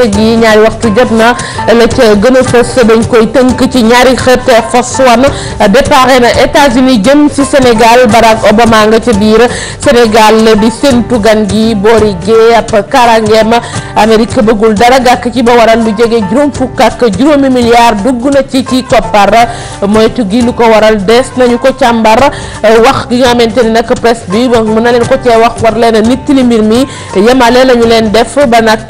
bëccëg yi ñaari waxtu jot na la ca gën a fës dañ koy tënk ci ñaari xët Force One déparé na États-Unis jëm ci Sénégal Barack Obama nga ca biir Sénégal di séntu gan gi boori gée ab karangeem Amérique bëggul dara gàkk ci ba waral lu jege juróom fukk ak juróomi milliards dugg na ci ci koppar moytu gi lu ko waral des nañu ko càmbar wax gi nga xamante ni nag bi mën na leen ko cee wax war leen a nit li mi yemale lañu leen def ba nag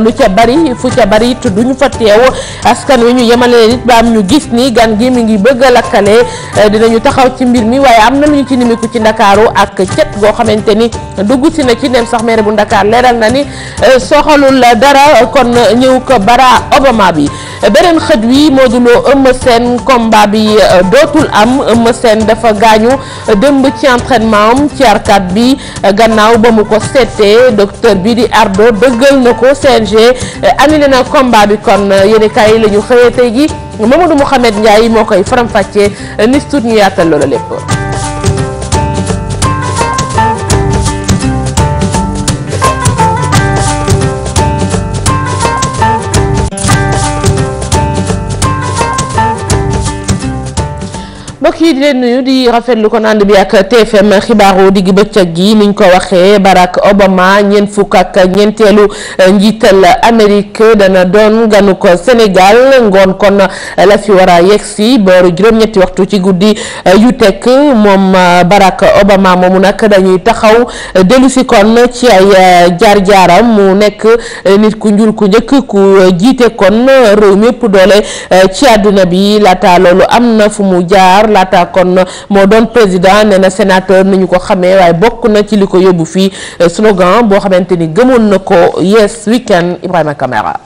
lu ca yi fu ca bari it duñu fa teew askan wi ñu yemale nit ba am ñu gis ni gan gi mi ngi bëgg a lakkale eh, ñu taxaw ci mbir mi waaye am na lu ñu ci nimiku ci ndakaaru ak cet goo xamante ni dugg si na ci nem sax maire bu ndakaar leeral na ni eh, soxalul dara kon ñëw ko bara obama bi beneen xët wi Modou Lo Eumeu seen combat bi euh, dootul am Eumeu Sène dafa gaañu démb ci entraînement am ci arcade bi euh, gannaaw ba mu ko seetee docteur bi di Ardo dëggal na ko CNG euh, annulé na combat bi kon yéenekaay yi la ñu xëyee tey gi Mamadou Mouhamed Ndiaye moo koy faram-fàccee ni tuut ñu yaatal lépp. yi di leen nuyu di rafetlu kon ànd bi ak TFM xibaaru digg bëccëg gi niñ ko waxee Barack Obama ñeent fukk ak ñeenteelu njiital Amérique dana doon ganu ko Sénégal ngoon la fi war a yegsi booru waxtu ci guddi yu tekk moom Barack Obama moomu nag dañuy taxaw dellu si kon ci ay jaar-jaaram mu nekk nit ku njul ku njëkk ku jiite kon réew mépp doole ci àdduna bi laata loolu am na fu mu jaar laata Diatta kon moo doon président nee na sénateur nañu ko xamee waaye bokk na ci li ko yóbbu fii euh, slogan boo xamante ni gëmoon na ko yes we can Ibrahima Kamara.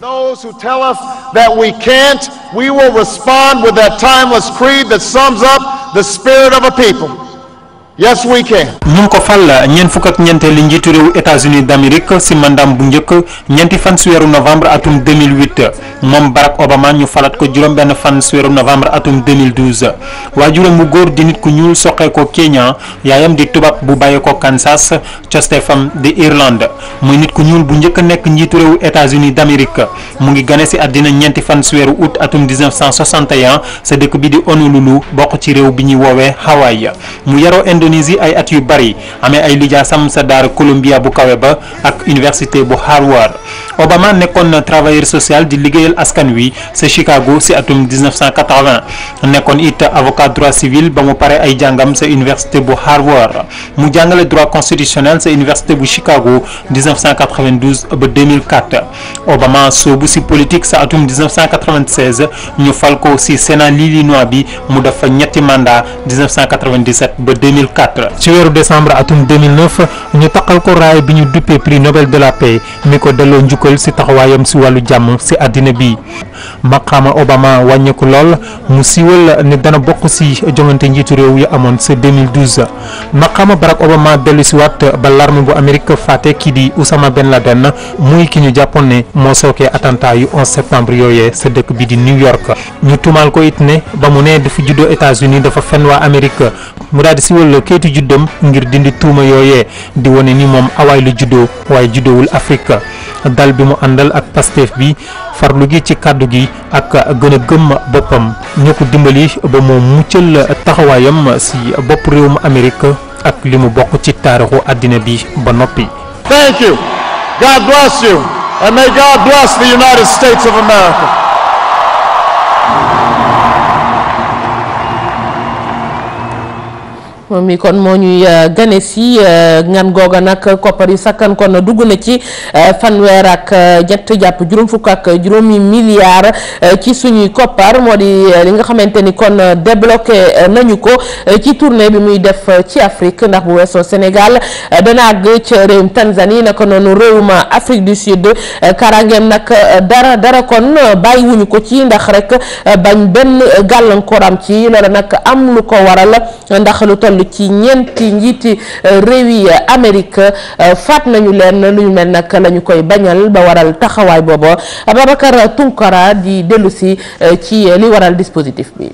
Those who tell us that we can't, we will respond with that timeless creed that sums up the spirit of a people. Yes we can. ñu ngi ko fal ñeent fukk ak ñeenteeli njiitu réewu États-Unis d'Amérique si mandam bu njëkk ñeenti fan si weeru novembre atum 2008 moom Barack Obama ñu falaat ko juróom benn fan si weeru novembre atum 2012 waajuram bu góor di nit ku ñuul soqee ko Kenya yaayam di tubaab bu bàyyee ko Kansas costefam di Irlande muy nit ku ñuul bu njëkk nekk njiitu réew États-Unis d'Amérique mu ngi gane si àddina ñeenti fan si weeru août atum 1961 sa dëkk bi di lu bokk ci réew bi ñuy woowee Hawaii mu Indonésie ay at yu bari amee ay lijaasam sa daara Columbia bu kawe ba ak université bu Harvard Obama nekkoon na travailleur social di liggéeyal askan wi sa Chicago ci atum 1980 nekkoon it avocat droit civil ba mu pare ay jàngam sa université bu Harvard mu jàngale droit constitutionnel sa université bu Chicago ba Obama soobu ci politique sa atum ñu fal ci Sénat l'Illinois bi mu def ñetti mandat ba 2004 ci weeru décembre atum 2009 ñu taqal ko raay bi ñu duppee prix Nobel de la paix mi ko delloo njukkal ci taxawaayam ci wàllu jàmm ci àddina bi maqaama Obama wàññeeku lool mu siiwal ne dana bokk ci jongante njiitu réew yu amoon ci 2012 maqaama Barack Obama dellu ci waat ba l'armée bu Amérique faate kii di Oussama Ben Laden muy ki ñu jàppoon ne moo sookee attentat yu 11 septembre yooyee sa dëkk bi di New York ñu tuumaal ko it ne ba mu ne dafa juddoo États-Unis dafa fen waa kayitu juddam ngir dindi tuuma yooyee di wone ni moom awaay la juddoo waaye juddoowul Afrique dal bi mu àndal ak Pastef bi farlu gi ci kàddu gi ak gën a gëm boppam ñoo ko dimbali ba moo muccal taxawaayam si bopp réew réewum Amérique ak li mu bokk ci taarixu àddina bi ba noppi. moom mi kon moo ñuy euh, gane si euh, ngan googa nag koppar yi sakkan kon dugg na ci euh, fanweer ak ñett jàpp juróom fukk ak juróomi milliards ci suñuy koppar moo di li nga xamante ni kon débloqué nañu ko ci tournée bi muy def ci Afrique ndax bu weesoo Sénégal dana àgg ca réewum Tanzanie naka noonu réewum Afrique du Sud karangeem nag dara dara kon bàyyiwuñu ko ci ndax rek bañ benn gàllankooram ci loola nag am lu ko waral ndax lu toll ci ñenti njiiti euh, réew yi euh, Amérique euh, faat nañu leen lu ñu mel nag la koy bañal ba waral taxawaay booba Ababacar Tunkara di dellusi si ci li waral dispositif bi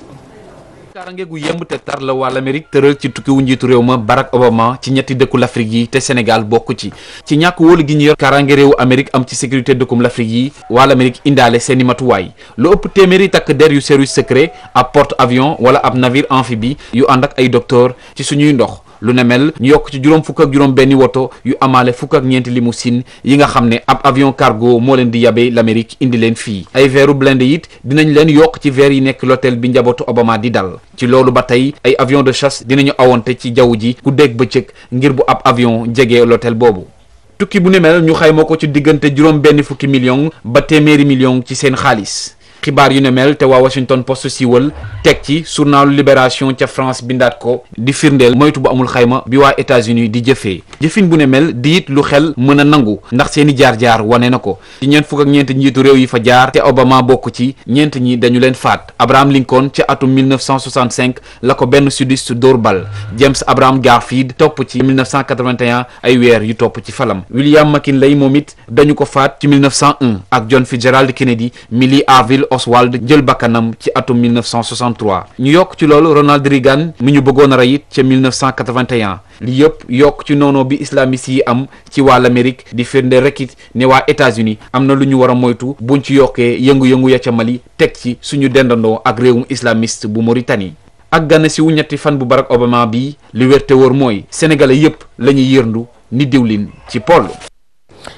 kaaraange gu yemb te tar la waa l'Amérique tëral ci tukkiwu njiitu réew ma Barack Obama ci ñetti dëkku l'Afrique yi te Sénégal bokk ci ci ñàkk wóolu gi ñu yor kaaraange réewu Amérique am ci sécurité dëkkum l'Afrique yi waa l'Amérique indaale seeni matuwaay lu ëpp téeméeri takk der yu service secret ab porte avions wala ab navire amphibie yu ànd ak ay docteur ci suñuy ndox lu ne mel ñu yokk ci juróom fukk ak juróom benni woto yu amaale fukk ak ñeenti limousine yi nga xam ne ab avion cargo moo leen di yabe l'Amérique indi leen fii ay veeru blindé it dinañ leen yokk ci veer yi nekk lotel bi njabootu Obama di dal ci loolu ba tey ay avion de chasse dinañu awante ci jaww ji ku dégg bëccëg ngir bu ab avion jegee l'hôtel boobu tukki bu ne mel ñu xayma ko ci diggante juróom benn fukki million ba téeméeri million ci seen xaalis xibaar yu ne mel te waa Washington Post siiwal teg ci journalu Libération ca France bindaat ko di firndeel moytu bu amul xayma bi waa États-Unis di jëfee jëfin bu ne mel di it lu xel mën a nangu ndax seeni jaar-jaar wane na ko ci ñeent fukk ak ñeent njiitu réew yi fa jaar te Obama bokk ci ñeent ñi dañu leen faat Abraham Lincoln ca atum 1965 la ko benn sudiste dóor bal James Abraham Garfield topp ci 1981 ay weer yu topp ci falam William McKinley moom it dañu ko faat ci 1901 ak Oswald jël bakkanam ci atum 1963 ñu yokk ci loolu Ronald Reagan mi ñu bëggoon a rey it ca 1981 li yëpp yokk ci noonoo bi islamiste yi am ci waa l'Amérique di firnde rek it ne waa États-Unis am na lu ñu war a moytu buñ ci yokkee yëngu-yëngu ya ca Mali teg ci suñu dendandoo ak réewum islamist bu Mauritanie. ak gànna si wu ñetti fan bu Barack Obama bi li wérte wóor mooy sénégalais yëpp la ñuy yërndu ni diwlin ci poll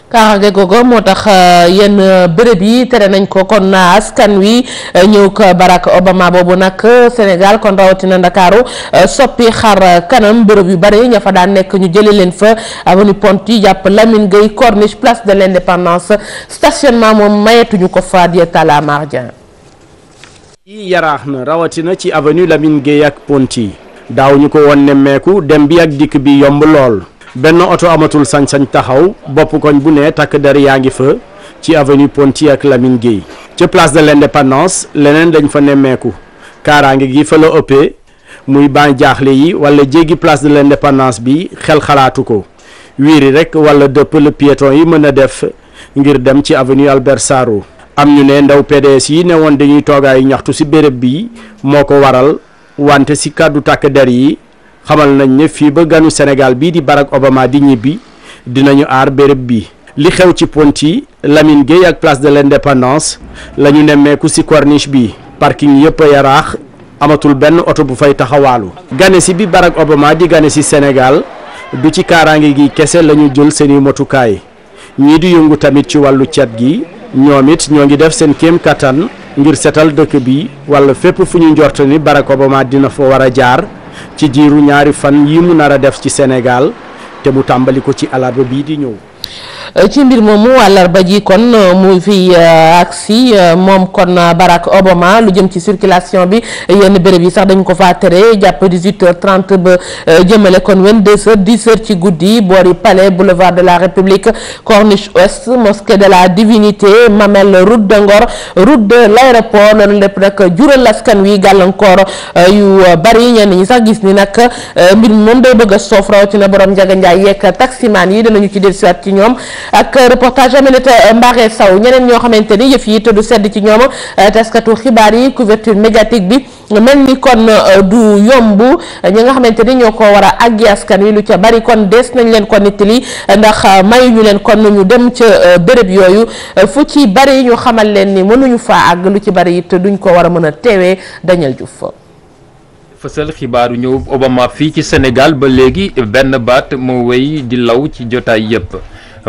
kaaraange googu moo tax euh, yenn euh, bërëb yi tere nañ ko kon kan wi euh, ñëw Barack Obama boobu nag Sénégal kon rawatina Ndakaaru soppi xar kanam bërëb yu bare ña fa daan nekk ñu jële leen fa avenue Ponty jàpp Lamine Gueye corniche place de l'indépendance stationnement moom mayetuñu ko fa di Talla Mar yaraax na rawatina ci avenue Lamine Gueye ak Ponty daaw ñu ko woon nemmeeku dem bi ak dikk bi yomb lool benn oto amatul sañ-sañ taxaw bopp koñ bu ne takk der yaa ngi fa ci avenue Ponty ak Lamine Gueye ca place de l'indépendance leneen dañ fa nemmeeku kaaraange gi fa la ëppee muy ban jaaxle yi wala jéggi place de l'indépendance bi xel xalaatu ko wiiri rek wala dëpp le piéton yi mën a def ngir dem ci avenue Albert saro am ñu ne ndaw PDS yi ne woon dañuy toogaayu ñaxtu ci béréb bi moo ko waral wante ci kàddu tàkk der yi xamal nañ ne fii ba ganu Sénégal bii di Barack Obama di ñibbi dinañu aar béréb bi li xew ci pont yi Lamine Gueye ak place de l'indépendance la ñu nemmeeku ci corniche bi parking yëpp a yaraax amatul benn oto bu fay taxawaalu gane si bi Barack Obama di gane si Sénégal du ci kaaraange gi kese la ñu jël seeni motukaay ñii di yëngu tamit ci wàllu cet gi ñoom it ñoo ngi def seen kéem kattan ngir seetal dëkk bi walla fépp fu ñu njort ni Barack Obama dina fa war a jaar ci jiiru ñaari fan yi mu nar a def ci Sénégal te mu tàmbali ko ci alarba bii di ñëw ci mbir moom moomu àllarba ji kon euh, mu fi euh, aksi euh, moom kon Barack Obama lu jëm ci circulation bi yenn bërëb yi sax dañu ko faa tere jàpp 18h30 ba jëmale kon 22h 10h ci guddi boori palais boulevard de la République corniche ouest mosquée de la divinité Mamelles route de Ngor route de l'aéroport loolu lépp nag jural askan wi gàllankoor yu bari ñenn ñi sax gis ni nag mbir moom day bëgg a soof rawatina borom njaganjaay yeeg taximaan yi danañu ci dellusiwaat ci ñoom. ak reportage Aminata Mbaré Sow ñeneen ñoo xamante ni yëf yi te du sedd ci ñoom eh, taskatu xibaar yi couverture médiatique bi mel ni kon eh, du yomb ñu nga xamante ni ñoo ko war a àggi askan wi lu ca bari kon des nañ leen ko nittali ndax eh, mayu ñu leen kon ñu dem ca béréb yooyu fu ci bari ñu xamal leen ni mënuñu faa àgg lu ci bari te duñ ko war a mën a teewee Daniel Diouf xibaaru ñëw Obama fii ci senegal ba léegi benn baat moo wéy di law ci jotaay yépp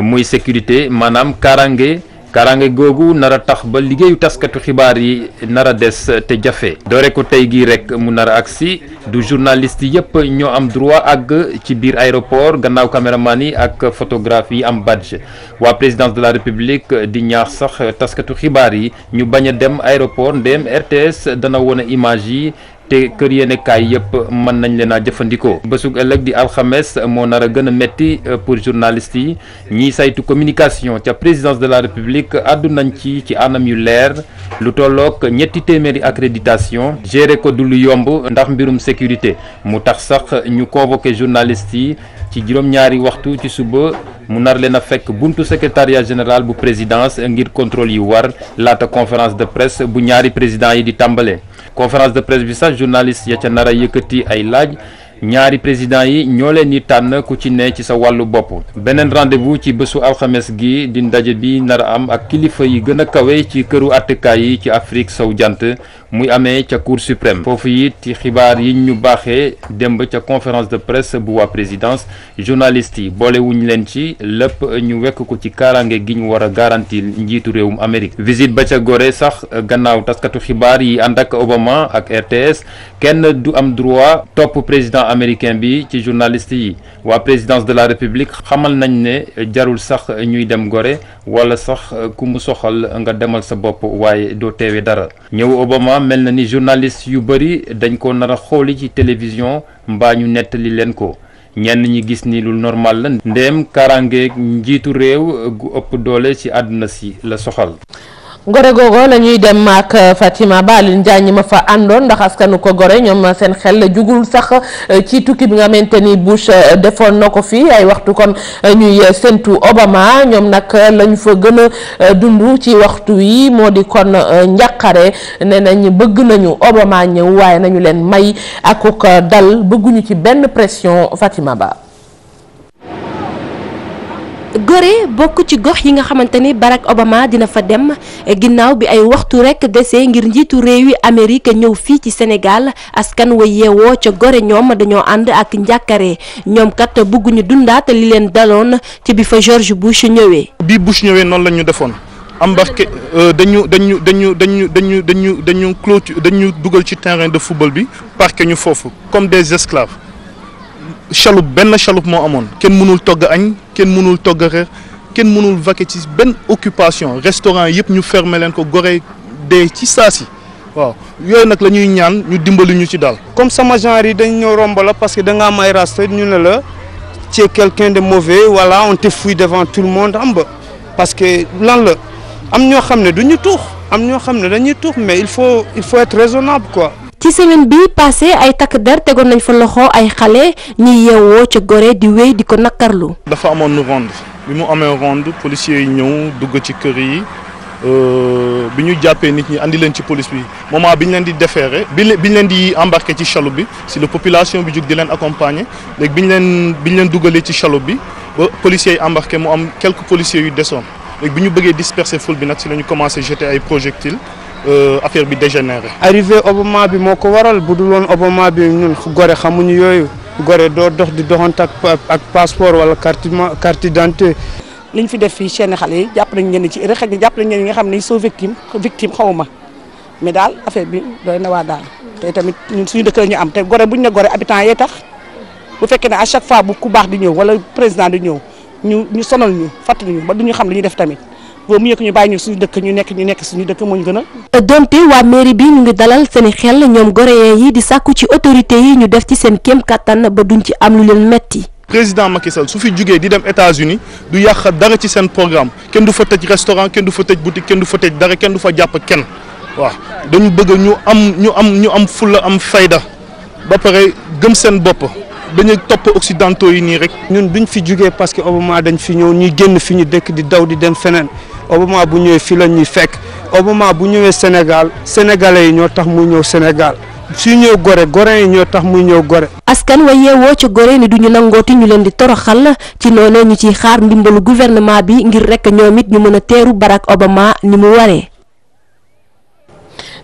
muy sécurité maanaam kaaraange kaaraange googu nar a tax ba liggéeyu taskatu xibaar yi nar a des te jafe doore ko tey gii rek mu nar a agsi du journaliste yëpp ñoo am droit àgg ci biir aéroport gannaaw caméraman yi ak photographe yi am badge waa présidence de la république di ñaax sax taskatu xibaar yi ñu bañ a dem aéroport ndéem RTS dana wone image yi te kër yéenekaay yëpp mën nañ leen a jëfandikoo bésug ëllëg di alxames moo nar a gën a metti euh, pour journalistes yi ñiy saytu communication ca présidence de la république àddu nañ ci ci anam yu leer lu tollook ñetti téeméeri accréditation géré ko du lu yomb ndax mbirum sécurité mu tax sax ñu convoqué journalistes yi ci juróom-ñaari waxtu ci suba mu nar leen a fekk buntu secrétariat général bu présidence ngir contrôle yi war laata conférence de presse bu ñaari président yi di tàmbale conférence de presse bi sax journaliste ya ca nar a yëkkati ay laaj ñaari président yi ñoo leen di tànn ku ci ne ci sa wàllu bopp beneen rendez ci bésu alxames gi di ndaje bi nar a am ak kilifa yi gën a kawe ci këru àttekaay yi ci Afrique sowu jant muy amee ca cour suprême foofu it xibaar yi ñu baaxee démb ca conférence de presse bu waa présidence journaliste yi boolewuñ leen ci lépp ñu wekk ko ci kaaraange gi ñu war a garantir njiitu réewum Amérique visite ba ca gore sax gannaaw taskatu xibaar yi ànd ak Obama ak RTS kenn du am droit topp président américain bi ci journaliste yi waa présidence de la république xamal nañ ne jarul sax ñuy dem Gorée wala sax ku mu soxal nga demal sa bopp waaye doo teewee dara pourtant mel na ni journaliste yu bëri dañ ko nar a xooli ci télévision mbaa ñu nettali leen ko ñenn ñi gis ni lu normal la ndéem kaaraangeeg njiitu réew gu ëpp doole ci àdduna si la soxal gore googo la ñuy dem ak euh, Fatima Ba Alioune Diagne ma fa àndoon ndax askanu ko gore ñoom seen xel jugul sax euh, ci tukki bi nga xamante ni Bush euh, defoon na ko fii ay waxtu kon ñuy séntu Obama ñoom nag lañu fa gën a dund ci waxtu yi moo di kon njàqare ne nañ bëgg nañu Obama ñëw waaye nañu leen may akuk dal bëgguñu ci benn pression Fatima Ba. Gorée bokk ci gox yi nga xamante ni Barack Obama dina fa dem ginnaaw bi ay waxtu rek dese ngir njiitu réew yi Amérique ñëw fii ci Sénégal askan wa yeewoo ca Gorée ñoom dañoo ànd ak njàkkare ñoom kat bëgguñu dundaat li leen daloon ci bi fa George Bush ñëwee. bi Bush ñëwee noonu la ñu defoon. embarqué euh, dañu dañu dañu dañu dañu dañu dañu clôture dañu dugal ci terrain de football bi parqué ñu foofu comme des esclaves. chaloupe benn chaloupe moo amoon kenn mënul togg añ kenn mënul togg reer kenn mënul vaquer ci benn occupation restaurant yëpp ñu fermer leen ko Gorée dee ci saa si waaw yooyu nag lañuy ñaan ñu dimbali ñu ci daal. comme sama genre yi dañ ñëw romb la parce que da nga am ñu ne la ci quelqu'un de mauvais wala on te fouille devant tout le monde am ba parce que lan la am ñoo xam ne du ñu tuux am ñoo xam ne dañuy tuux mais il faut il faut être raisonnable quoi. ci semaine bi passé ay takk der tegoon nañ fa loxo ay xale ñi yeewoo ca Gorée di wéy di ko nakkarlu dafa amoon ronde bi mu amee ronde policier yi ñëw dugg ci kër yi euh, bi ñu jàppee nit ñi andi leen ci police bi moment bi ñu leen di déférer bi bi ñu leen di embarqué ci chaloupe bi si la population bi jug di leen accompagner léegi bi ñu leen bi leen dugalee ci chaloupe bi ba policiers yi embarqué mu am quelques policiers yu desoon léegi bi ñu bëggee disperser foule bi na si la ñu commencé jeter ay projectiles Euh, affaire bi dégénéré. arrivé Obama bi moo ko waral bu dul woon Obama bi ñun gore xamuñu yooyu gore doo dox di doxant ak ak passeport wala carte carte d'identité. li ñu fi def fii seen xale yi jàpp nañu ñenn ci rek xëy na jàpp nañu ñenn nga xam ne soo victime victime xaw ma mais daal affaire bi doy na waa tamit ñun suñu dëkk ñu am te gore buñ ne gore habitant yee tax bu fekkee ne à chaque fois ku baax di ñëw wala président di ñëw ñu ñu sonal ñu ñu ba duñu xam li ñu def tamit. boo mu yëg ñu bàyyi ñu suñu dëkk ñu nekk ñu nekk suñu dëkk moo ñu gën a. donte waa mairie bi ñu ngi dalal seen xel ñoom goréen yi di sàkku ci autorité yi ñu def ci seen kéem kattan ba duñ ci am lu leen metti président Macky Sall su fi jugee di dem États-Unis du yàq dara ci seen programme kenn du fa tëj restaurant kenn du fa tëj boutique kenn du fa tëj dara kenn du fa jàpp kenn waaw dañu bëgg ñu am ñu am ñu am fulla am fayda ba pare gëm seen bopp. dañuy topp occidentaux yi nii rek. ñun duñ fi jugee parce que Obama dañ fi ñëw ñuy génn fi ñu dëkk di daw di dem feneen Obama bu ñëwee fii la ñuy fekk Obama bu ñëwee Sénégal sénégalais yi ñoo tax muy ñëw Sénégal. su ñëw gore gore yi ñoo tax muy ñëw gore. askan wa woo ca gore ni duñu nangooti ñu leen di toroxal ci noonu ñu ciy xaar ndimbalu gouvernement bi ngir rek ñoom it ñu mën a teeru Barack Obama ni mu waree.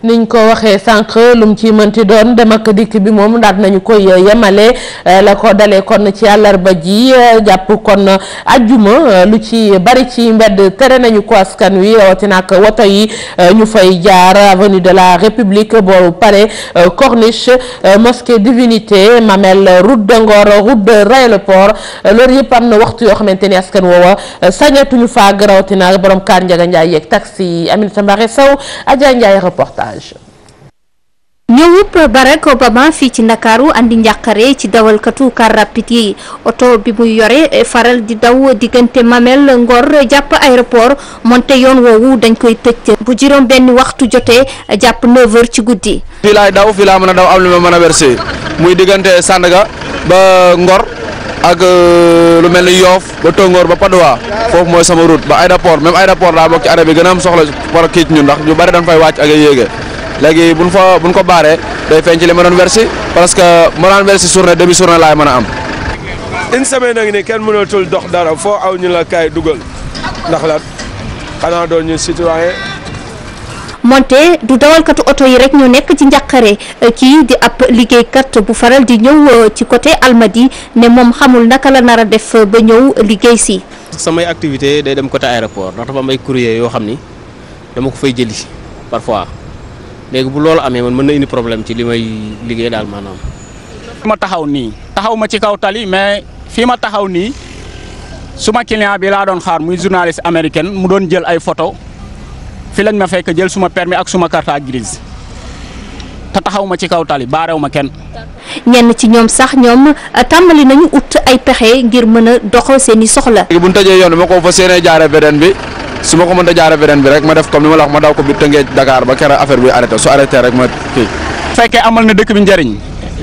niñ ko waxee sànq lu mu ci mënti doon dem ak dikk bi moom daat nañu koy yemale eh, la ko dalee kon ci àllarba ji eh, jàpp kon ajjuma eh, lu ci bari ci mbedd tere nañu ko askan wi rawatina ak woto yi ñu fay jaar avenue de la république boobu pare corniche mosquée divinité mamel route de Ngor route loolu yëpp am na waxtu yoo xamante ni askan woowa fa faag rawatina borom kaar njaga njaay yeeg taxi Aminata Mbare Sow Adja Ndiaye reportage reportage. ñëwub Barack Obama fii ci ndakaaru andi njàqare ci dawalkatu car rapide yi oto bi muy yore e, faral di daw diggante Mamel Ngor jàpp aéroport moonte yoon woowu dañ koy tëj bu juróom benn waxtu jotee jàpp 9h ci guddi. fii laay daw fii laa mën a daw am lu ma mën a versé muy diggante Sandaga ba Ngor ak e, lu mel ni Yoof ba Tongoor ba Padoa foofu mooy sama route ba aéroport même aéroport daa bokk ci arrêt bi a soxla war a kii ci ñun ndax ñu bari dañ fay wàcc léegi bu buñ fa buñ ko baaree day feeñ ci li ma doon versi parce que ma doon versi journée demi journée laay mën a am. une semaine nag ni kenn mënatul dox dara foo aw ñu la dugal ndax lan xanaa doon ñu citoyen moonte du dawalkatu oto yi rek ñoo nekk ci njàqare kii euh, di ab liggéeykat bu faral di ñëw euh, ci côté Almadi ne moom xamul naka la nar a def euh, ba ñëw liggéey si. samay activité day dem côté aéroport ndax dafa am ay yoo xam ni dama ko fay jëli parfois. léegi bu loolu amee man mën na indi problème ci li may liggéey daal maanaam. ma taxaw nii taxaw ma ci kaw tali mais fii ma taxaw nii suma client bi laa doon xaar muy journaliste américaine mu doon jël ay photo fi lañ ma fekk jël suma permis ak suma carte grise te taxaw ma ci kaw tali baarew ma kenn. ñenn ci ñoom sax ñoom euh, tàmbali nañu ut ay pexe ngir mën a dox seen i soxla. léegi bu ñu tëjee yoon bi ma ko fa seenee jaaree beneen bi. su ma ko mënta jaaree beneen bi rek ma def comme ni ma la ma daw ko bi tëngee Dakar ba keroog affaire bi arrêté su arrêté rek ma kii. bu fekkee amal na dëkk bi njëriñ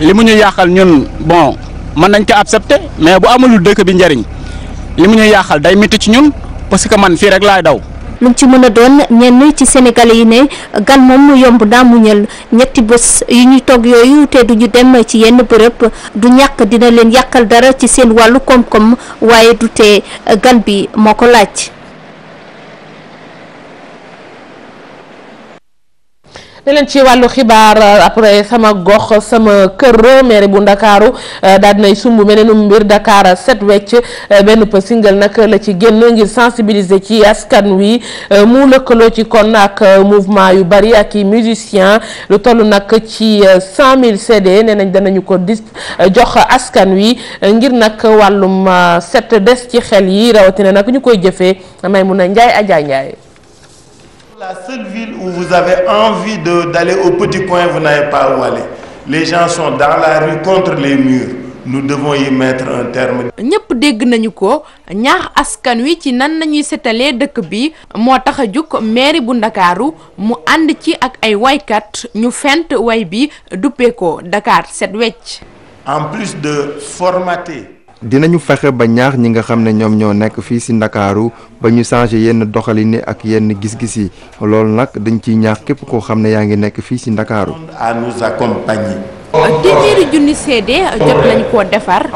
li mu ñu yàqal ñun bon mën nañ ko septe mais bu amalul dëkk bi njëriñ li mu ñu yàqal day métti ci ñun parce que man fii rek laay daw. lu ci mën a doon ñenn ci sénégalais yi ne gan moom yomb naa muñal ñetti bés yi ñuy toog yooyu te du ñu dem ci yenn bërëb du ñàkk dina leen yàqal dara ci seen wàllu koom-koom waaye du gan bi moo ko laaj. ne leen ci wàllu xibaar euh, après sama gox sama kër maire bu ndakaaru euh, daal dinay sumb meneenum mbir Dakar set wecc euh, benn pa single nag la ci génn ngir sensibiliser ci askan wi mu lëkkaloo ci kon ak mouvement yu bari ak i musicien lu toll nag ci cent mille CD nee nañ danañu ko dis jox askan wi ngir nag wàllum set des ci xel yi rawatina nag ñu koy jëfee may mun a njaay ajaay njaay la seule ville où vous avez envie d'aller au petit coin, vous n'avez pas Les gens sont dans la rue contre les murs. nous devons y mettre un terme. ñëpp dégg nañu ko ñaax askan wi ci nan nañuy setalee dëkk bi moo tax a jug mairie bu ndakaaru mu ànd ci ak ay waykat ñu fent way bi duppee ko Dakar Set Wecc. en plus de formater. dinañu fexe ba ñaax ñi nga xam ne ñoom ñoo nekk fii ci ndakaaru ba ñu changé yenn doxalin yi ak yenn gis-gis yi loolu nag dañ ciy ñaax képp koo xam ne yaa ngi nekk fii ci ndakaaru à nous accompagner. téeméeri junni seede jot nañ koo defar.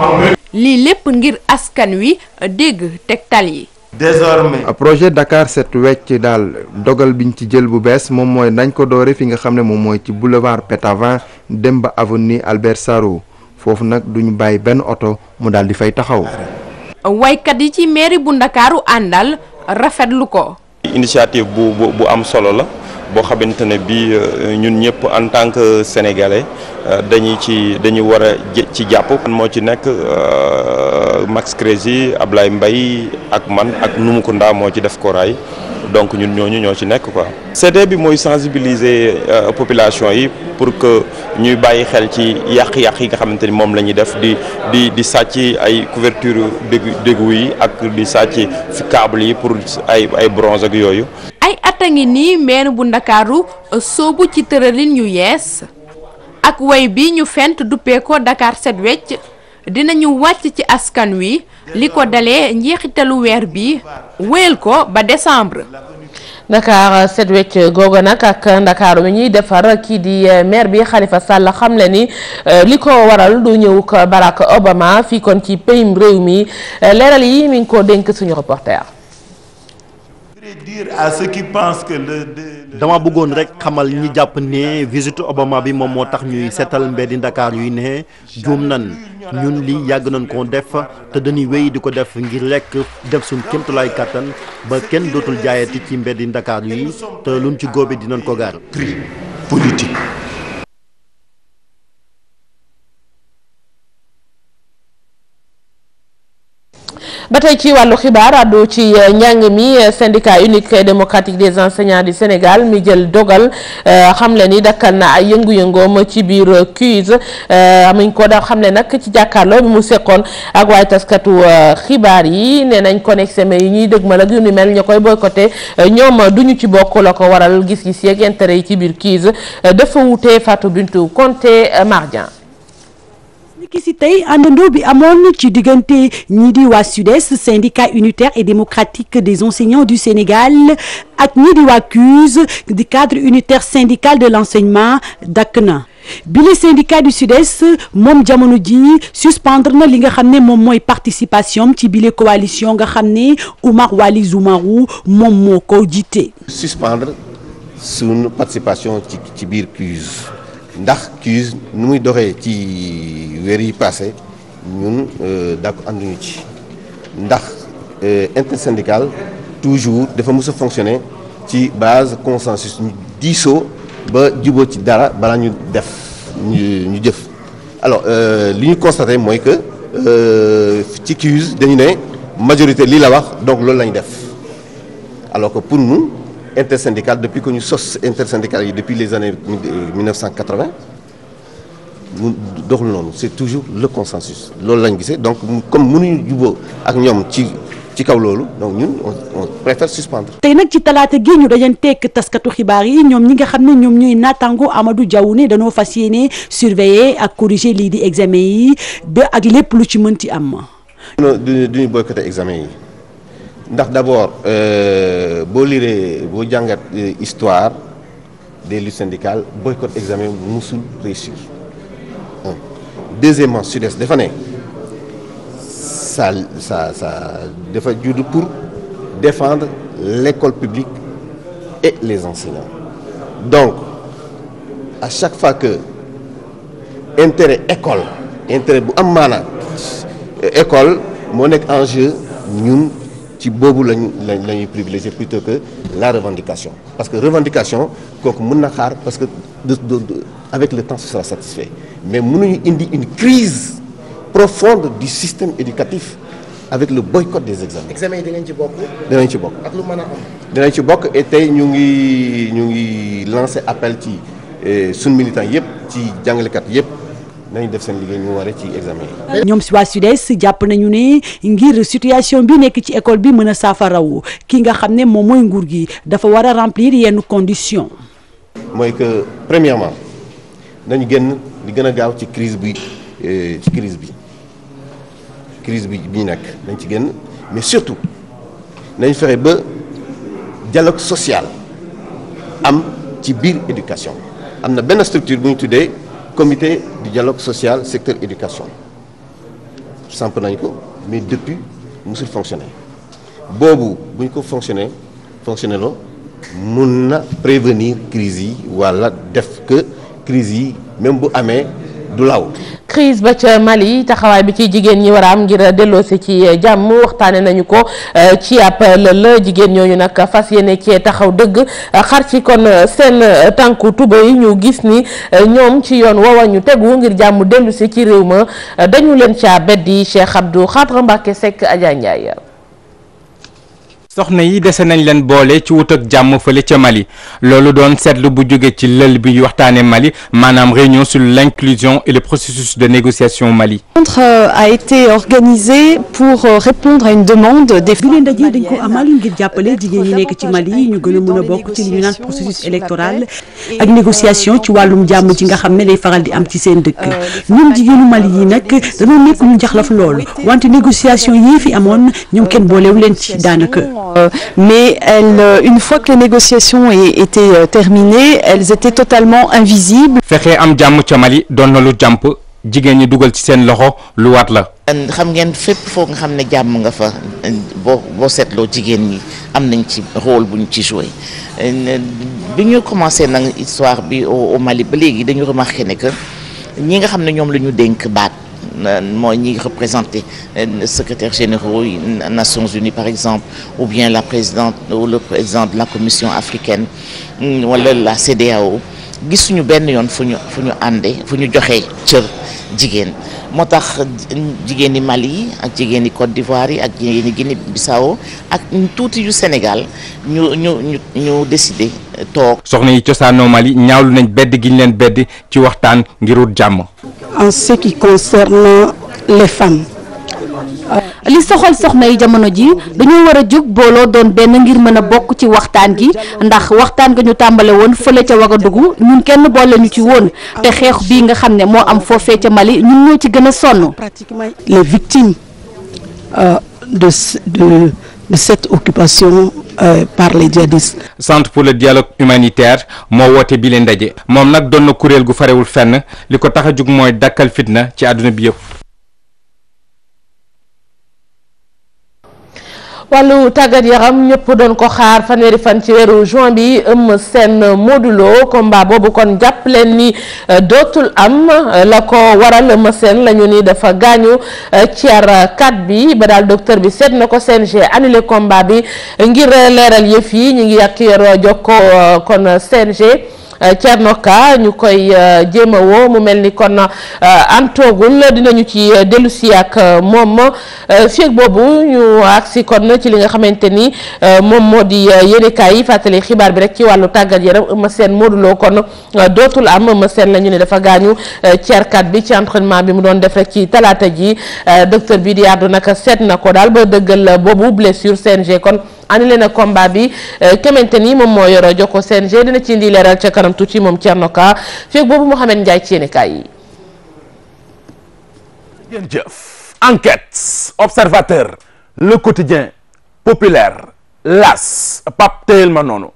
lii lépp ngir askan wi dégg tegtal yi. désormais projet Dakar set wecc daal dogal biñ ci jël bu bees moom mooy nañ ko doore fii nga xam ne moom mooy ci boulevard Pétavin dem ba avenue Albert saro foofu nag duñu bàyyi benn oto mu daal di fay taxaw. waykat yi ci mairie bu ndakaaru àndal rafetlu ko. initiative bu am solo la boo xamante ne bii euh, ñun ñëpp en tant que sénégalais euh, dañu ci dañu war a ci jàpp. moo ci nekk euh, Max Crézy Ablaye mbay ak man ak Numukunda moo ci def koraay donc ñun ñooñu ñoo ci nekk quoi. CD bi mooy sensibiliser euh, population yi pour que ñuy bàyyi xel ci yàq-yàq yi nga xamante ni moom la ñuy def di di di sàcc ay couverture dégg déggu yi ak di sàcc fi câble yi pour ay ay bronze ak yooyu. ay at a ngi nii maire bu Ndakaaru euh, soobu ci tëralin yu yees ak way bi ñu fent duppee ko Dakar set wecc dinañu wàcc ci askan wi. li ko dalee njeexitalu weer bi wéyal ko ba décembre. Dakar set wecc googu nag ak ndakaaru mi ñuy defar kii di eh, maire bi Khalifa Sall xam le ni eh, li ko waral du ñëw ko Barack Obama fii kon ci payim réew mi eh, leeral yi mi ngi ko dénk suñu reporter. à ceux qui pensent que le dama bëggoon rek xamal ñi jàpp ne visite Obama bi moom moo tax ñuy seetal mbeddi Ndakaar yuy ne juum nan ñun li yàgg nañ ko def te dañuy wéy di ko def ngir lekk def suñ kéemtulaay kàttan ba kenn dootul jaayati ci mbeddi Ndakaar yi te luñ ci góobe dinañ ko gaar. prix ba tey ci wàllu xibaar addu ci euh, njàng mi euh, syndicat unique et démocratique des enseignants di Sénégal mi jël dogal euh, xam le ni dakkal na ay yëngu-yëngoom ci biir CUS amuñ ko da xam le nag ci jàkkaarloo bi mu sekoon ak waaye taskatu xibaar yi nee nañ kon examen yi ñuy dëgmal ak yu ni mel ña koy boycotté ñoom duñu ci bokkul la ko waral gis-gis yeeg intérêt yi ci biir CUS dafa wutee Fatou Bintou Conté Mardian ni ki si tey àndandoo bi amoon ci diggante ñi di waa SUDES syndicat unitaire et démocratique des enseignants du Sénégal ak ñi di waa CUSE di cadre unitaire syndical de l'enseignement dakk na bile syndicat du sud-est moom jamono ji suspendre na li nga xam ne moom mooy participation ci bile coalition nga xam ne Oumar Waly Zoumarou moom moo ko jiite. suspendre suñu participation ci ci biir ndax cuse nu muy doxee ci weer yi passé ñun euh, daa ko ànduñu ci ndax euh, intersyndical toujours dafa mës a fonctionner ci base consensus ñu diisoo ba jubóo ci dara balaa ñu def ñu jëf alors euh, li ñu constaté mooy que ci cuse dañu ne majorité lii la wax donc loolu lañu ñu def alors que pour nous intersyndicale depuis que ñu sos intersyndicale yi depuis les années 1980 mu doxul noonu c'est toujours le consensus loolu lañ gisee donc comme mënuñu juboo ak ñoom ci ci kaw loolu donc ñun on préfère suspendre. tey nag ci talaata gi ñu dajan tekk taskatu xibaar yi ñoom ñi nga xam ne ñoom ñuy naataango Amadou Diaw ne dañoo fas yéene surveiller ak corriger lii di examen yi ba ak lépp lu ci mënti am. duñu duñu boycotté examen yi. ndax d'abord euh, boo lire boo jàngat euh, histoire des luttes syndicales boycott examen musul réussir un deuxièmement SUDES dafa ne sa ça ça dafa judd pour défendre l'école publique et les enseignants donc à chaque fois que intérêt école intérêt bu am maanaam euh, école moo nekk en ñun ci boobu lañ lañ la ñuy privilégier plutôt que la revendication parce que revendication kooku mun na xaar parce que de, de, de, avec le temps ce sera satisfait mais mënuñu indi une crise profonde du système éducatif avec le boycott des examens. examen yi ci bokk. dinañ ci bokk ak lu mën a am. ci bokk et tey ñu ngi ñu ngi lancé appel ci eh, suñu militants yëpp ci jàngalekat yëpp. nañu def seen liggéey ñu waree ci examen yi. ñoom si waa si jàpp nañu ne ngir situation bi nekk ci école bi mën a saafarawu ki nga xam ne moom mooy nguur gi dafa war a remplir yenn conditions. mooy que premièrement nañu génn li gën a gaaw ci crise bi euh, ci crise bi crise bi bi ñu nekk nañ ci génn mais surtout nañ fexe ba dialogue social am ci biir éducation am na benn structure bu ñu tuddee. comité du dialogue social secteur éducation samp nañ ko mais depuis musul fonctionner boobu bu ñu ko fonctionner fonctionner loo mun na prévenir crise yi walla def que crise yi même bu amee du law crise ba ca Mali taxawaay bi ci jigéen ñi war a am ngir delloosi ci eh, jàmm waxtaane nañu ko eh, ci ab lël jigéen ñooñu nag fas yéene cee taxaw dëgg xar ci kon eh, seen tànku tuba yi ñu gis ni ñoom ci yoon woowa ñu tegu ngir jàmm dellusi ci réew ma dañu leen caa beddi Cheikh Abdou Khadre Mbacke Seck Adja Ndiaye soxna yi dese nañ leen boole ci wut ak jàmm fële ca Mali loolu doon seetlu bu jóge ci lël bi waxtaane Mali maanaam réunion sur l'inclusion et le processus de négociation au Mali. Contre euh, a été organisé pour euh, répondre à une demande des. bi leen dajee dañ ko amal ngir jàppale jigéen ñi nekk ci Mali ñu gën a mën a bokk ci li ñu naan processus électoral ak négociation ci wàllum jàmm ci nga xam ne day faral di am ci seen dëkk ñoom jigéenu Mali yi nag dañoo nekk ñu jaxlaf loolu wante négociation yii fi amoon ñoom kenn boolewu leen ci daanaka. Absolument. Euh, mais elles, euh, une fois que les négociations étaient euh, terminées, elles étaient totalement invisibles. fexe am jàmm ca Mali doon na lu jàmp jigéen ñi dugal ci seen loxo lu waat la. xam ngeen fépp foo nga xam ne jàmm nga fa boo boo seetloo jigéen ñi am nañ ci rôle bu ñu ci joué bi ñu commencé nag histoire bi au Mali ba léegi dañu remarqué ne ñi nga xam ne ñoom la ñu dénk baat. mooy ñi représenté euh, secrétaire généraux yi Nations Unies par exemple ou bien la présidente ou le président de la commission africaine mm, wala la CEDEAO gisuñu benn yoon fu ñu fu ñu àndee fu ñu joxee cër jigéen moo tax jigéeni Mali yi ak jigéeni Côte d'Ivoire yi ak jigéeni Guinée Bissau ak tuuti yu Sénégal ñu ñu ñu ñu décidé toog. soxna yi cosaanoo Mali ñaawlu nañ bedd gi ñu leen bedd ci waxtaan ngir wut jàmm. en ce qui concerne les li soxal soxna yi jamono ji dañoo war a jóg booloo doon benn ngir mën a bokk ci waxtaan gi ndax waxtaan ga ñu tàmbale woon fële ca Wagadugu ñun kenn boole ñu ci woon te xeex bii nga xam ne moo am foofee ca Mali ñun ñoo ci gën a sonn. pratiquement les victimes euh, de de. de cette occupation euh, par les djihadistes. centre pour le dialogue humanitaire moo woote bi leen ndaje. moom nag doon na kuréel gu farewul fenn li ko tax a jug mooy dakkal fitna ci àdduna bi yëpp. wàllu tàggat yaram ñëpp doon ko xaar fanweeri fan ci weeru juin bi Eumeu Sène Modou Lo boobu kon jàpp leen ni euh, dootul am euh, la ko waral Eumeu Sène la ni dafa gaañu euh, cer kat bi ba daal docteur bi seet na ko seen CNG annulé combat bi ngir leeral yëf yi ñu ngi yàq yor jokko kon g Euh, Thierno Ka ñu koy euh, jéem a woo mu mel ni kon euh, antoogul dinañu ci dellusi ak moom fii boobu ñu agsi kon ci li nga xamante ni moom moo di yéenekaay yi fàttali xibaar bi rek ci wàllu tàggat yaram Eumeu seen Modou kon dootul am Eumeu seen la ñu ne dafa gaañu ceerkat bi ci entraînement bi mu doon def rek ci talaata ji docteur bi di àddu naka seet na ko daal ba dëggal boobu blessure g kon leen na combat bi xamante euh, ni moom moo yoro jox ko CNG dina ci indi leeral ca kanam tuuti moom Thierno Ka feeg boobu Mouhamed Ndiaye ci yéen kaay yi. jërëjëf enquête observateur le quotidien populaire las pap teyel ma noonu.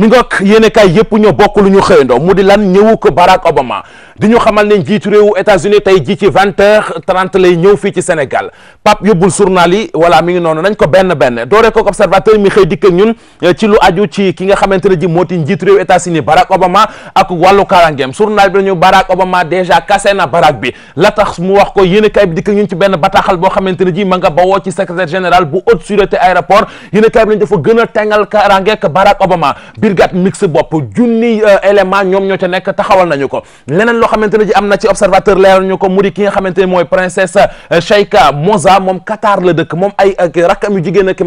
mi ngook yéene kaay yëpp ñoo bokk lu ñu xëyandoo mu di lan ñëwu ko Barack Obama di ñu xamal ne njiitu réewu États-Unis tey ji ci vingt heures trente lay ñëw fii ci Sénégal Pape yóbbul journal yi voilà mi ngi noonu nañ ko benn benn dooree ko observateur mi xëy dikk ñun eh, ci lu aju ci ki nga xamante ne ji moo ti njiitu réewu États-Unis Barack Obama ak wàllu karangeem journal bi nañu Barack Obama déjà kase na Barack bi la tax mu wax ko yéene kaay bi dikk ñun ci benn bataaxal boo xamante ne ji ma nga bawoo ci secrétaire général bu haute sûreté aéroport yéene kaay gën a tengal karangeek Barack Obama brigade mixte bopp junni euh, élément ñoom ñoo nekk taxawal nañu ko leneen loo xamante ji am na ci observateur leeral ñu ko mu di ki mooy princesse Cheikha euh, Moza moom Qatar la dëkk moom ay rakkam yu jigéen ak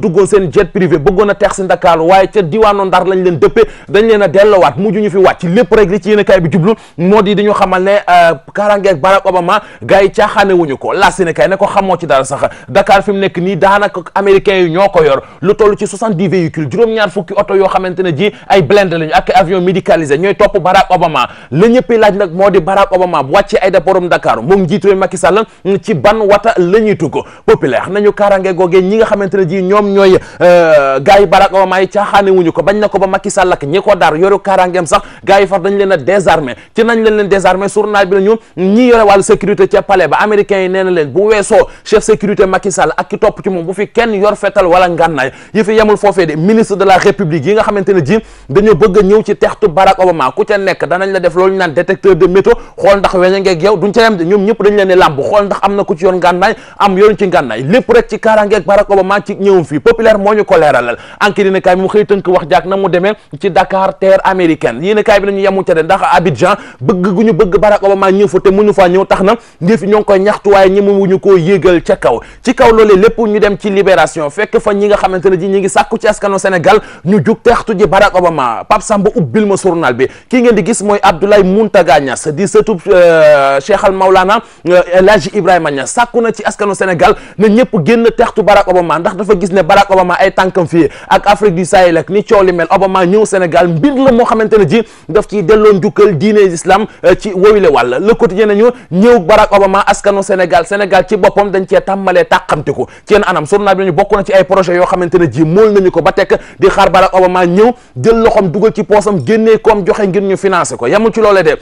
duggoon seen jet privé bëggoon a teex waaye ca diwaanu Ndar lañ leen dëppee dañ leen a dellowaat mujj ñu fi wàcc lépp rek ci yéen kaay bi jublu moo di dañu xamal ne euh, karange ak Barack Obama gars yi caaxaane wuñu ko la seen ne ko xamoo ci oto yoo xamante ne ji ay blindé lañu ak avion ñooy topp Barack Obama la ñëppay laaj nag moo di Barack Obama bu wàccee ay daporom Dakar moom njiitu Macky Sall ci ban wata la ñuy tugg populaire nañu kaarange googee ñi nga xamante ne ji ñoom ñooy euh, gars yi Barack Obama yi caaxaane wuñu ko bañ na ko ba Macky Sall ak ñi ko daar yoru kaarangeem sax gars yi far dañ leen a désarmé ci nañ leen leen désarmé journal bi yore wàllu sécurité ca palais ba américains yi nee na bu weesoo chef sécurité Macky topp ci moom bu fi kenn yor fetal wala ngànnaay yi fi yemul la publique yi a xamante ne ji dañoo bëgg a ñëw ci textu Barack Obama ku ca nekk danañ la def loolu ñu naan détecteur de métaux xool ndax weña ngeeg yow duñ ca yem de ñu ko leeralal ca kaw ci kaw loolee lépp ñu dem ci libération fekk fa ñi nga xamante ji ñu ñu jug teextu ji Barack Obama Pape Samba ubbil ma journal bi kii ngeen di gis mooy Abdoulaye Mountaga sa di sëtub euh, Cheikh al Maulana euh, El Ibrahima Niass sàkku na ci askanu Sénégal ne ñëpp génn teextu Barack Obama ndax dafa gis ne Barack Obama ay tànkam fii ak Afrique du Sahel ak ni coow li mel Obama ñëw Sénégal mbir la moo xamante ne ji daf ciy delloo njukkal diine islam euh, ci woyule wàll le quotidien nañu ñëw Barack Obama askanu Sénégal Sénégal ci boppam dañ cee Barack Obama ñëw jël loxoom dugal ci poosam génnee koom joxe ngir ñu financé ko yamul ci loolee de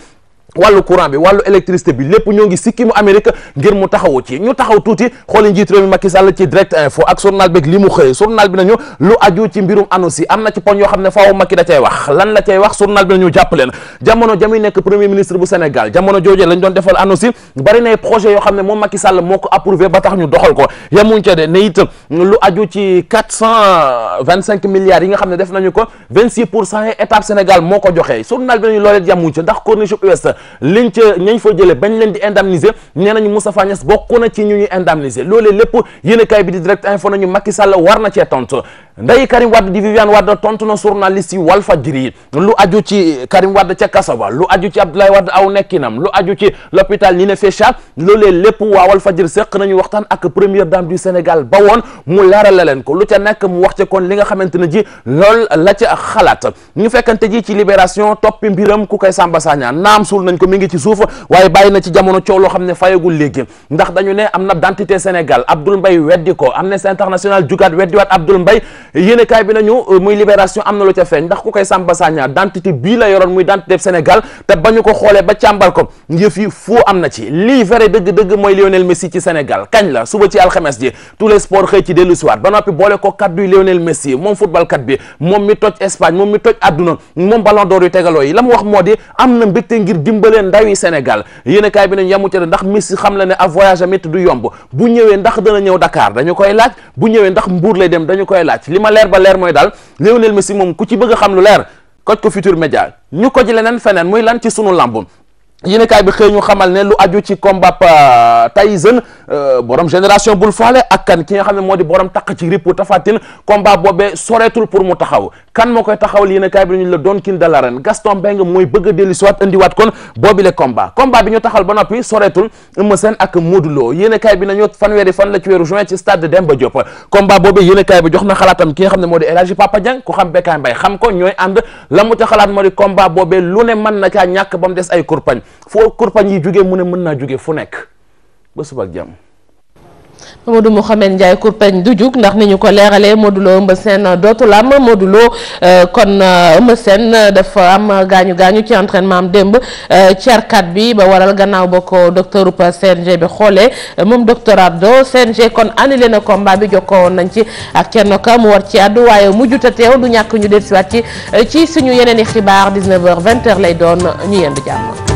wàllu courant bi wàllu électricité bi lépp ñoo ngi sikki mu Amérique ngir mu taxawu ci ñu taxaw tuuti xooli njiit réew mi Macky Sall ci direct info ak journal beeg li mu xëyee journal bi nañu lu aju ci mbirum annonce yi am na ci poñ yoo xam ne faaw Macky da cay wax lan la cay wax journal bi nañu jàpp leen jamono jamuy nekk premier ministre bu Sénégal jamono joojee lañ doon defal annonce yi bari nay projet yoo xam ne moom Macky Sall moo ko approuvé ba tax ñu ko yemuñ ca de ne it yi nga xam ne def nañu ko vingt six pour cent moo ko joxee journal bi nañu loolee liñ ca ñañ fa jëlee bañ leen di indemniser nee nañu Moustapha Niass bokk na ci ñu ñuy indemniser loolee lépp yéenekaay bi di direct info nañu Macky Sall war na cee tontu nday Karim Wade di Viviane Wade tontu na journaliste yi Walfadjri lu aju ci Karim Wade ca Kasaba lu aju ci Abdoulaye Wade aw nekkinam lu aju ci l'hôpital Nina Fechat loolee lépp waa Walfadjri seq nañu waxtaan ak première dame du Sénégal ba woon mu leerale leen ko lu ca nekk mu wax ca kon li nga xamante ne ji lool la ca xalaat ñu fekkante ji ci libération toppi mbiram ku koy Samba waxoon nañ ko mi ngi ci suuf waaye bàyyi na ci jamono coow loo xam ne fayagul léegi ndax dañu ne am na dentité Sénégal Abdoul Mbaye weddi ko Amnesty International jugaat weddiwaat Abdoul Mbaye yéene bi nañu euh, muy libération am na lu ca feeñ ndax ku koy Samba Sagna dentité bii la yoroon muy dentité Sénégal te bañu ko xoolee ba càmbar ko yëf yi foo am na ci lii dëgg-dëgg mooy Lionel Messi ci Sénégal kañ la suba ci alxames ji tous les sports xëy ci dellu dimbale ndawi Sénégal yéen a bi nañ yamu ca ndax Messi xam la ne a voyage amit du yomb bu ñëwee ndax dana ñëw Dakar dañu koy laaj bu ñëwee ndax Mbour lay dem dañu koy laaj li ma leer ba leer mooy daal Lionel Messi moom ku ci bëgg a xam lu leer koj ko Futurs Médias ñu ko leneen feneen muy lan ci sunu làmb yéen kaay bi xëy ñu xamal ne lu aju ci combat euh, Tyson euh, borom génération bul faale ak kan ki nga xam ne moo di borom takk ci ripp Tapha Tine combat pour mu taxaw kan moo koy taxawal yéen bi ñu la doon kin de l'arène Gaston Mbengue mooy bëgg a dellu siwaat indiwaat kon boobile combat combat bi ñu taxal ba noppi soreetul Eumeu Sène ak Modou Lo yéen a bi nañu fanweeri fan la ci weeru juin ci stade Demba Diop combat boobu yéen a bi jox na xalaatam ki nga xam ne moo di El Hadji Papa Dieng ku xam Bécaye Mbaye xam ko ñooy ànd la mu ca xalaat moo di combat boobee lu ne mën na caa ñàkk ba mu des ay kurpañ foo kurpañ yi jugee mu ne mën naa jugee fu nekk ba suba ak jàmm Modou Mouhamed Ndiaye kurpeñ du jug ndax ni ñu ko leeralee Modou Lo seen Sène dootul am Modou Lo euh, kon euh, Eumeu Sène dafa am gaañu gaañu ci entraînement am démb euh, cerkat bi ba waral gannaaw ba ko docteur Upa CNG bi xoolee moom docteur Abdo CNG kon annulé na combat bi jokkoon nañ ci ak kenn Ka mu war ci àddu waaye mujjuta teew du ñàkk ñu si dellusiwaat ci ci suñu yeneen i xibaar 19h 20h lay doon ñu yendu jàmm.